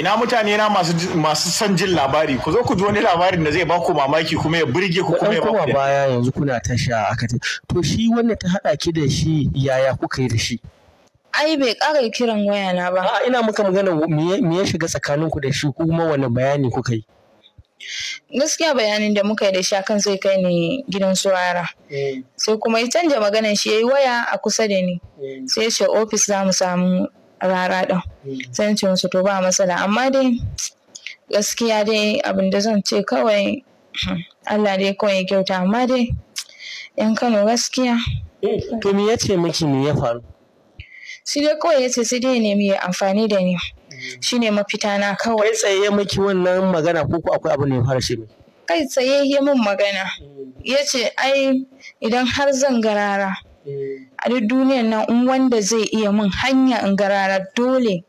ina mutane na masu son jin labari ku zo ku ji wani labarin da zai ba ku mamaki kuma ya burge ku kuma ya ba ku baya yanzu kuna tasha aka ce to shi wanda ta hada ki da shi yaya kuka yi da shi ai bai ƙara kiran waya na ba a ina muka magana me ya shiga tsakaninku da shi kuma wani bayani kuka yi gaskiya bayanin da muka yi da shi akan zai kai ni gidan su eh. sai kuma ya canja maganan shi ya yi waya a kusa da ni eh. sai ya ce ofis za mu samu rara ɗan sai musu to ba matsala amma dai gaskiya dai abin da zan ce kawai hmm, Allah dai kawai ya kyauta amma dai yan Kano gaskiya eh, to me yace miki me ya faru shi dai kawai yace sai dai ne mai amfani da ni hmm. shine mafita na kawai kai tsaye miki wannan magana ko akwai abu ne ya fara shi kai tsaye ya min magana hmm. yace ai idan har zan garara a duk duniyan nan in wanda zai iya min hanya in garara dole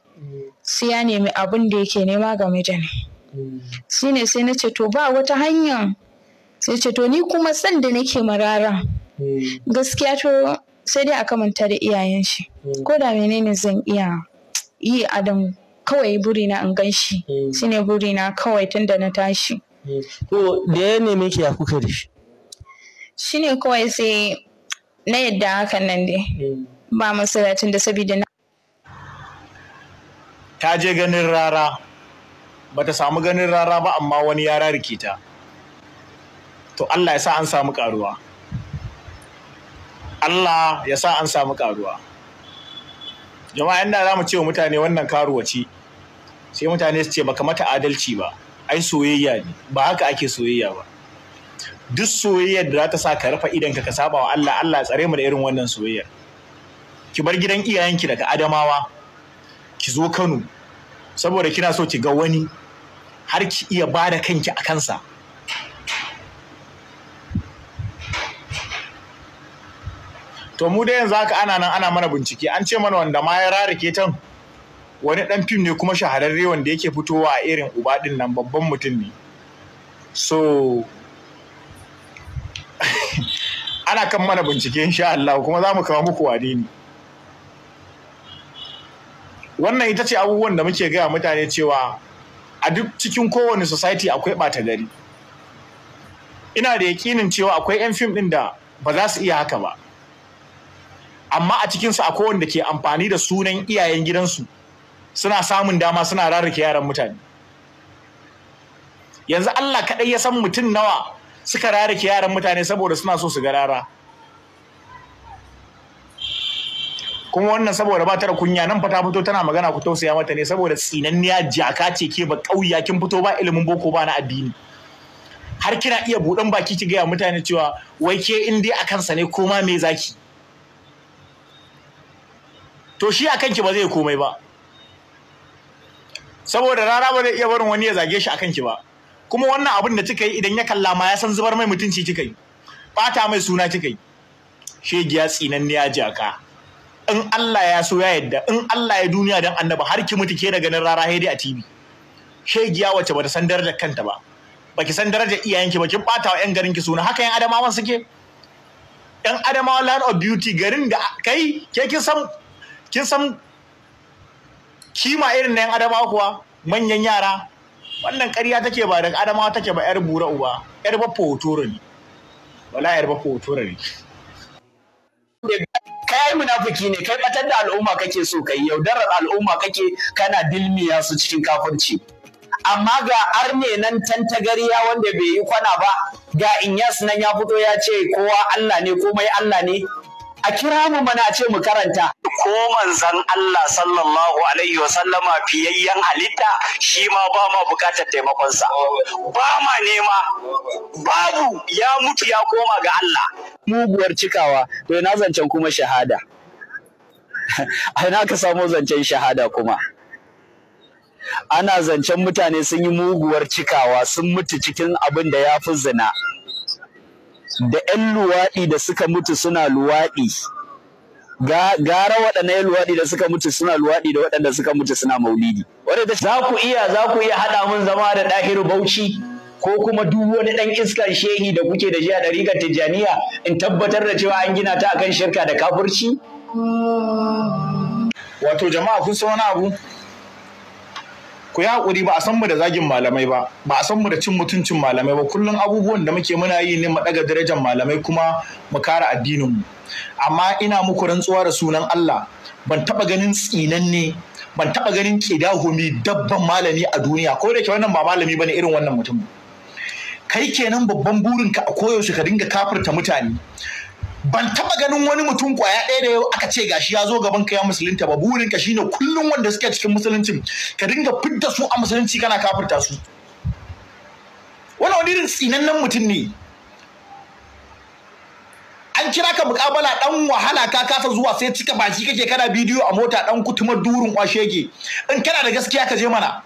sai ya nemi abin da yake nema game da ni ne sai na ce to ba wata hanya sai ce to ni kuma sanda da nake marara. gaskiya to sai dai aka manta da iyayen shi ko da menene zan iya yi adam kawai burina in gan shi buri burina kawai tun da na tashi to da ya nemi ki ya kuka da shi ne kawai sai na yadda hakan nan dai ba masalatin da sabida na ta je ganin rara ba ta samu ganin rara ba amma wani ya rarike ta to Allah ya sa an samu karuwa Allah ya sa an samu karuwa jama'a inda za mu ce wa mutane wannan karuwa ce sai mutane su ce baka mata adalci ba ai soyayya ne ba haka ake soyayya ba duk soyayyar da za ta sa ka rufe idan ka saba wa Allah Allah ya tsare mu da irin wannan soyayyar ki bar gidan iyayenki daga adamawa ki zo Kano saboda kina so ki ga wani har ki iya ba da kanki a kansa to mu da yanzu haka ana nan ana mana bincike an ce mana wanda ma ya rarake tan wani dan fim ne kuma shahararre wanda yake fitowa a irin uba din nan babban mutum ne so ana kan mana bincike insha Allah kuma za mu kawo muku wane ne wannan ita ce abubuwan da muke gaya mutane cewa a duk cikin kowane society akwai ɓata gari ina da yakinin cewa akwai 'yan fim ɗin da ba za su iya haka ba amma a cikinsu akwai wanda ke amfani da sunan iyayen gidansu suna samun dama suna rarrake yaran mutane yanzu Allah kaɗai ya san mutum nawa suka rarrake yaran mutane saboda suna so su ga rara kuma wannan saboda ba ta da kunya nan fata fito tana magana ku tausaya mata ne saboda tsinanniya jaka ce ke ba ƙauya kin fito ba ilimin boko ba na addini har kina iya buɗan baki ki gaya mutane cewa wai ke in dai a kansa ne koma me zaki to shi a kanki ba zai komai ba saboda rara ba zai iya barin wani ya zage shi a kanki ba kuma wannan abin da kika yi idan ya kalla ma ya san zubar mai mutunci kika yi bata mai suna kika yi shegiya tsinanniya jaka in Allah ya so ya yadda in Allah ya duniya dan annaba har ki mutu ke da ganin rara haidi a TV shegiya wace bata san darajar kanta ba baki san darajar iyayenki ba kin bata wa yan garin ki suna haka yan adamawan suke Ƴan adamawa land of beauty garin da kai ke kin san kin san kima irin na yan adamawa kuwa manyan yara wannan ƙarya take ba daga adamawa take ba yar bura uba yar ba fotoro wala yar ba fotoro ai munafiki ne kai batar da al'umma kake so kai yaudarar al'umma kake kana dilmiya su cikin kafirci amma ga arne nan tantagariya wanda bai yi kwana ba ga inyas nan ya fito ya ce kowa Allah ne komai Allah ne a kira mu mana ce mu karanta ko manzon Allah sallallahu alaihi wa sallama fiyayyen halitta shi ma ba ma bukatar taimakon sa ba ma nema babu ya mutu ya koma ga Allah muguwar cikawa to na zancen kuma shahada a ina ka samu zancen shahada kuma ana zancen mutane sun yi muguwar cikawa sun mutu cikin abin da ya fi zina da 'yan luwaɗi da suka mutu suna luwaɗi gara waɗannan luwaɗi da suka mutu suna luwaɗi da waɗanda suka mutu suna maulidi. Za ku iya za ku iya haɗa mun zama da ɗahir bauchi ko kuma duk wani ɗan iskar shehi da kuke da shi a ɗariƙar tijjaniya in tabbatar da cewa an gina ta akan shirka da kafurci? Wato jama'a kun san wani abu? ku ya hakuri ba a san mu da zagin malamai ba ba a san mu da cin mutuncin malamai ba kullum abubuwan da muke muna yi ne mu daga darajar malamai kuma mu kare addinin mu amma ina muku rantsuwa da sunan Allah ban taba ganin tsinanne ban taba ganin kidahumi dabban malami a duniya ko da ke wannan ba malami bane irin wannan mutum kai kenan babban burinka a koyaushe ka dinga kafirta mutane ban taɓa ganin wani mutum kwaya ɗaya da yau aka ce gashi ya zo gaban ka ya musulunta ba burin ka shine kullum wanda suke cikin musuluncin ka dinga fidda su a musulunci kana kafirta su wani wani irin tsinannen mutum ne an kira ka mukabala dan wahala ka kasa zuwa sai cika baki kake kana bidiyo a mota dan kutumar durin kwashege in kana da gaskiya ka je mana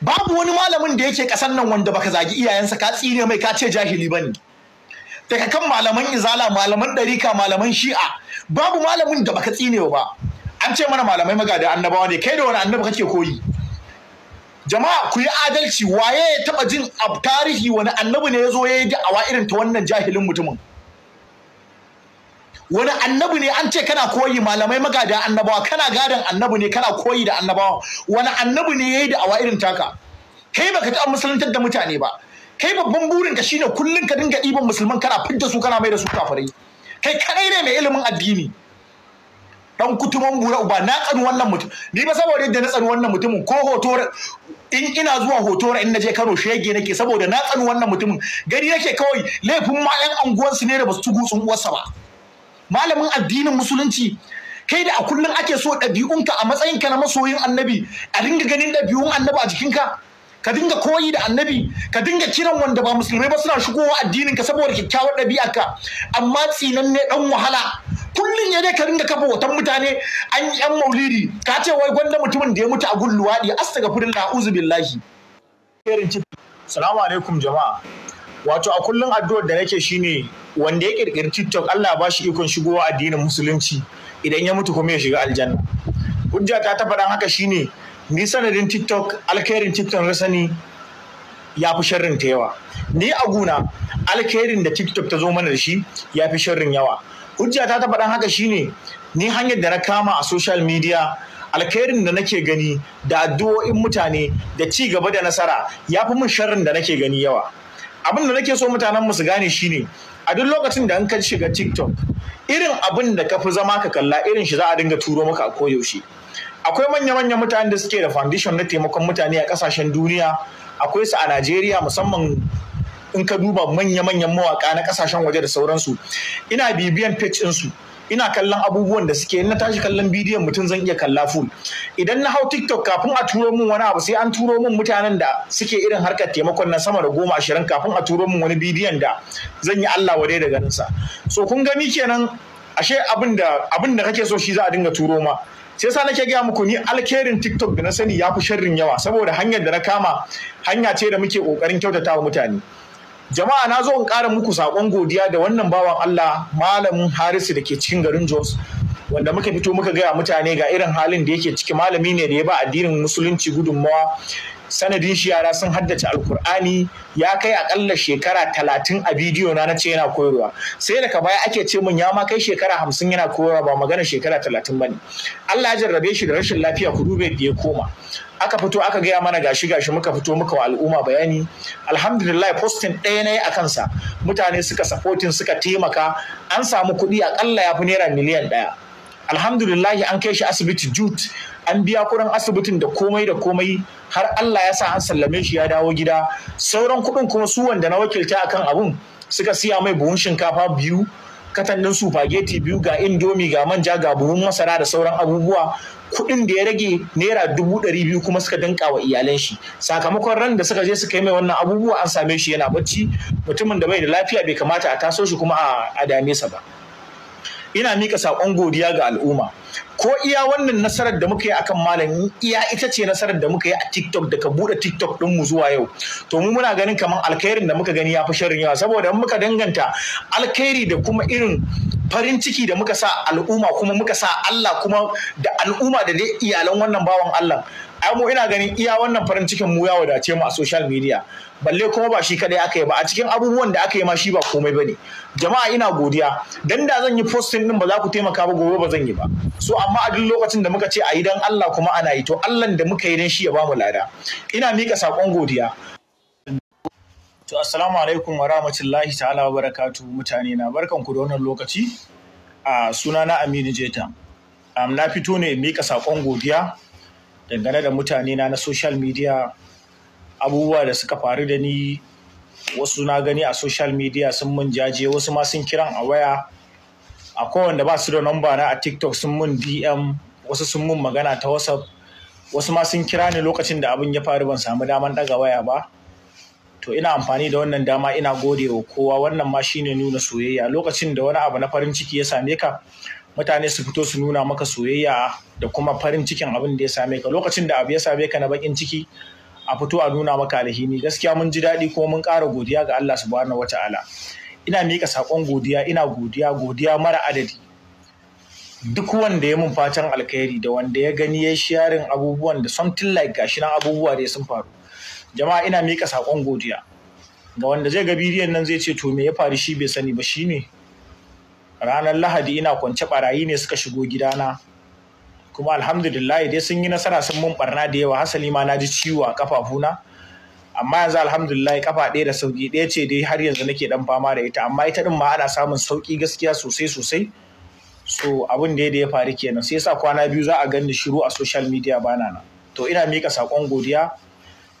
babu wani malamin da yake kasan nan wanda baka zagi iyayensa ka tsine mai ka ce jahili bane daga kan malaman izala malaman ɗarika malaman shi'a babu malamin da baka tsinewa ba an ce mana malamai magada annabawa ne kai da wani annabi kake koyi jama'a ku yi adalci waye ya taba jin a tarihi wani annabi ne ya zo ya yi da'awa irin ta wannan jahilin mutumin wani annabi ne an ce kana koyi malamai magada annabawa kana gadon annabi ne kana koyi da annabawa wani annabi ne ya yi da'awa irin taka kai baka taɓa musuluntar da mutane ba kai babban burin ka shine kullum ka dinga ɗiban musulman kana fidda su kana mai da su kafirai kai kadai ne mai ilimin addini dan kutuman bura uba na tsani wannan mutum ni ba saboda yadda na tsani wannan mutumin ko hoto in ina zuwa hoto in na je Kano shege nake saboda na tsani wannan mutumin gari yake kawai laifin ma yan anguwan su ne da basu tugu tsun uwarsa ba malamin addinin musulunci kai da a kullun ake so ɗabi'unka a matsayinka na masoyin annabi a dinga ganin ɗabi'un annabi a jikinka ka dinga koyi da annabi ka dinga kiran wanda ba musulmai ba suna shigowa addinin ka saboda kyakkyawar ɗabi'arka amma tsinan ne dan wahala kullum ya dai ka dinga kafa hoton mutane an yi yan maulidi ka ce wai gwanda mutumin da ya mutu a gun luwaɗi astaghfirullah a'udhu billahi salamu alaikum jama'a wato a kullum addu'ar da nake shine wanda ya kirkiri TikTok Allah ba shi ikon shigowa addinin musulunci idan ya mutu kuma ya shiga aljanna hujja ta ta faɗan haka shine ni sanadin tiktok alkhairin tiktok na sani ya fi sharrin ta yawa ni a guna alkhairin da tiktok ta zo mana da shi ya fi sharrin yawa hujja ta ta faɗan haka shine ni hanyar da na kama a social media alkhairin da nake gani da addu'o'in mutane da ci gaba da nasara ya fi min sharrin da nake gani yawa abin da nake so mutanen mu su gane shine a duk lokacin da an ka shiga tiktok irin abin da ka fi zama ka kalla irin shi za a dinga turo maka a koyaushe akwai manya-manyan mutanen da suke da foundation na taimakon mutane a kasashen duniya akwai su a Najeriya musamman in ka duba manya-manyan mawaka na kasashen waje da sauransu ina bibiyan page su ina kallon abubuwan da suke na tashi kallon bidiyon mutum zan iya kalla full idan na hau tiktok kafin a turo min wani abu sai an turo min mutanen da suke irin harkar taimakon na sama da goma ashirin kafin a turo min wani bidiyon da zan yi allah wadai da ganinsa so kun gani kenan ashe abin da kake so shi za a dinga turo ma sai sa nake gaya muku ni alkerin tiktok da na sani ya fi sharrin yawa saboda hanyar da na kama hanya ce da muke ƙoƙarin kyautata wa mutane jama'a na zo in ƙara muku saƙon godiya da wannan bawan allah malamin harisu da ke cikin garin jos wanda muka fito muka gaya mutane ga irin halin da yake ciki malami ne da ya ba addinin musulunci gudunmawa sanadin shi yara sun haddace alkur'ani ya kai akalla shekara talatin a bidiyo na na ce yana koyarwa sai daga baya ake ce mun ya ma kai shekara hamsin yana koyarwa ba magana shekara talatin ba ne. Allah ya jarrabe shi da rashin lafiya ku dube da ya koma aka fito aka gaya mana gashi gashi muka fito muka wa al'umma bayani alhamdulillah postin ɗaya na yi a kansa mutane suka supporting suka taimaka an samu kuɗi akalla ya fi naira miliyan ɗaya alhamdulillah an kai shi asibiti jute an biya kuɗin asibitin da komai da komai har Allah ya sa an sallame shi ya dawo gida sauran kuɗin kuma su wanda na wakilta akan abun suka siya mai buhun shinkafa biyu katannin supageti biyu ga indomi ga manja ga buhun masara da sauran abubuwa kuɗin da ya rage naira dubu ɗari biyu kuma suka dinka wa iyalan shi sakamakon ran da suka je suka yi mai wannan abubuwa an same shi yana bacci mutumin da bai da lafiya bai kamata a taso shi kuma a dame sa ba. ina mika saƙon godiya ga al'umma ko iya wannan nasarar da muka yi akan malami iya ita ce nasarar da muka yi a TikTok da ka bude TikTok din mu zuwa yau to mu muna ganin kamar alkhairin da muka gani ya fi sharrin yawa saboda muka danganta alkhairi da kuma irin farin ciki da muka sa al'umma kuma muka sa Allah kuma da al'umma da dai iyalan wannan bawan Allah ai mu ina ganin iya wannan farin cikin mu ya wadace mu a social media balle kuma ba shi kadai aka yi ba a cikin abubuwan da aka yi ma shi ba komai bane jama'a ina godiya dan da zan yi posting din ba za ku taimaka ba gobe ba zan yi ba so amma a duk lokacin da muka ce a yi dan Allah kuma ana yi to Allah da muka yi dan shi ya bamu lada ina mika sakon godiya to assalamu alaikum wa rahmatullahi ta'ala wa barakatuh mutane na barkan ku da wannan lokaci a sunana Aminu Jeta na fito ne mika sakon godiya dangane da mutane na na social media abubuwa da suka faru da ni wasu na gani a social media sun mun jaje wasu ma sun kiran a waya a kowanda ba su da namba na a tiktok sun mun dm wasu sun mun magana ta whatsapp wasu ma sun kira ne lokacin da abin ya faru ban samu daman daga waya ba to ina amfani da wannan dama ina gode wa kowa wannan ma shine nuna soyayya lokacin da wani abu na farin ciki ya same ka mutane su fito su nuna maka soyayya da kuma farin cikin abin da ya same ka lokacin da abu ya same ka na bakin ciki a fito a nuna maka alhini gaskiya mun ji daɗi kuma mun ƙara godiya ga Allah subhanahu wata'ala ina miƙa saƙon godiya ina godiya godiya mara adadi duk wanda ya mun fatan alkhairi da wanda ya gani ya sharing abubuwan da something like gashi nan abubuwa da sun faru jama'a ina miƙa saƙon godiya ga wanda zai ga bidiyon nan zai ce to me ya faru shi bai sani ba shine ranar lahadi ina kwance barayi ne suka shigo gidana kuma alhamdulillah dai sun yi nasara sun mun barna da yawa hasali ma na ji ciwo a kafafuna amma yanzu alhamdulillah kafa ɗaya da sauki ɗaya ce dai har yanzu nake dan fama da ita amma ita din ma ana samun sauki gaskiya sosai sosai so abin da ya faru kenan sai yasa kwana biyu za a ganni shiru a social media bana na to ina mika sakon godiya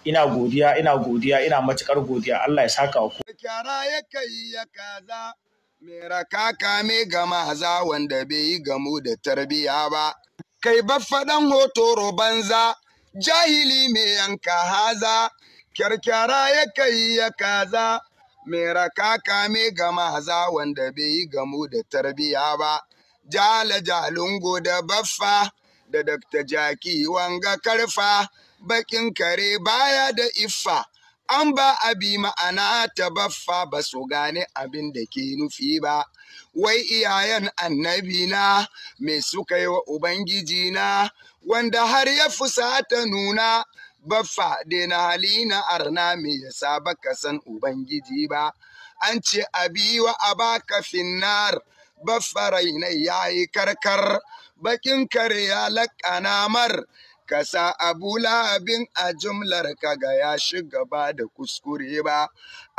ina godiya ina godiya ina matukar godiya Allah ya saka wa ku kyara ya kai ya kaza mera kaka me ga maza wanda bai yi gamu da tarbiya ba kai baffaɗan hotoro banza jahili mai yanka haza kyarkyara ya kai ya kaza mai kaka me ga maza wanda bai yi gamu da tarbiya ba jala jalungo da baffa da dakta jaki wanga karfa bakin kare baya da iffa an ba abi ma'ana ta baffa ba su gane abin da ke nufi ba wai iyayen annabi na me suka yi wa ubangiji na wanda har ya fusata nuna baffa da na halina arna me yasa ka san ubangiji ba an ce abi wa a baka finnar baffa rainai yi karkar bakin kare ya laƙa namar. ka sa abu lahabin a jumlar ka ga ya gaba da kuskure ba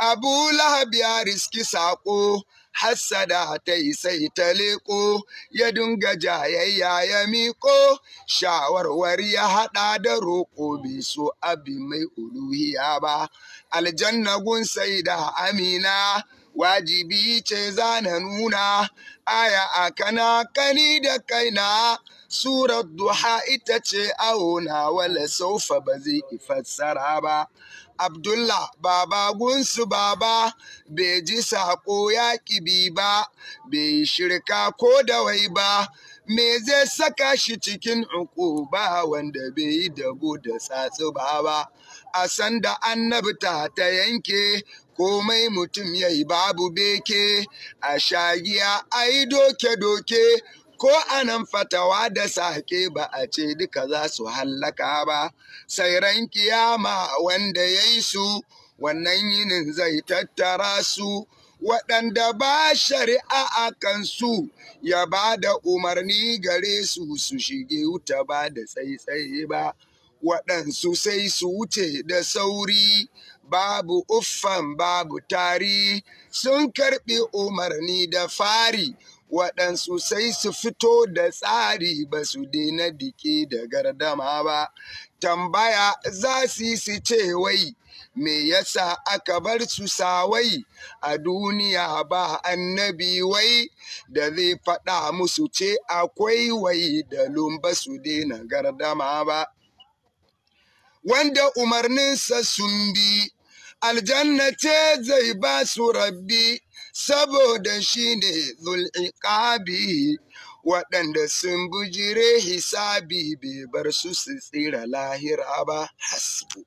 abu lahab ya riski saƙo hassada ta yi sai ta leƙo ya dunga jayayya ya miƙo shawarwari ya haɗa da roƙo bai so abi mai uluhiya ba aljanna gun sai da amina wajibi ce za na nuna aya a kana kani da kaina Surar duha ita ce na wala saufa ba zai fassara ba. Abdullah baba gunsu baba bai ji saƙo ya ƙibi ba, bai shirka ko da wai ba, me zai saka shi cikin uku ba wanda bai yi dabo da tsatsu ba ba. A sanda annabta ta yanke komai mutum yayi babu beke, a shagiya yi doke-doke ko anan fatawa da sake ba a ce duka za su hallaka ba sai ran kiyama wanda ya yi su wannan yinin zai tattara su waɗanda ba shari'a a kansu ya ba da umarni gare su su shige wuta ba da tsaitsaye ba waɗansu sai su wuce da sauri babu uffan babu tari sun karɓi umarni da fari waɗansu sai su fito da tsari ba su daina dike da gardama ba tambaya za su yi su ce wai me yasa aka bar su sawai a duniya ba annabi wai da zai faɗa musu ce akwai wai da lumba su daina gardama ba wanda umarninsa sun bi aljanna ce zai ba su rabbi saboda shi ne zul'iƙabi waɗanda sun bujire hisabi bai bar su su tsira lahira ba hasbu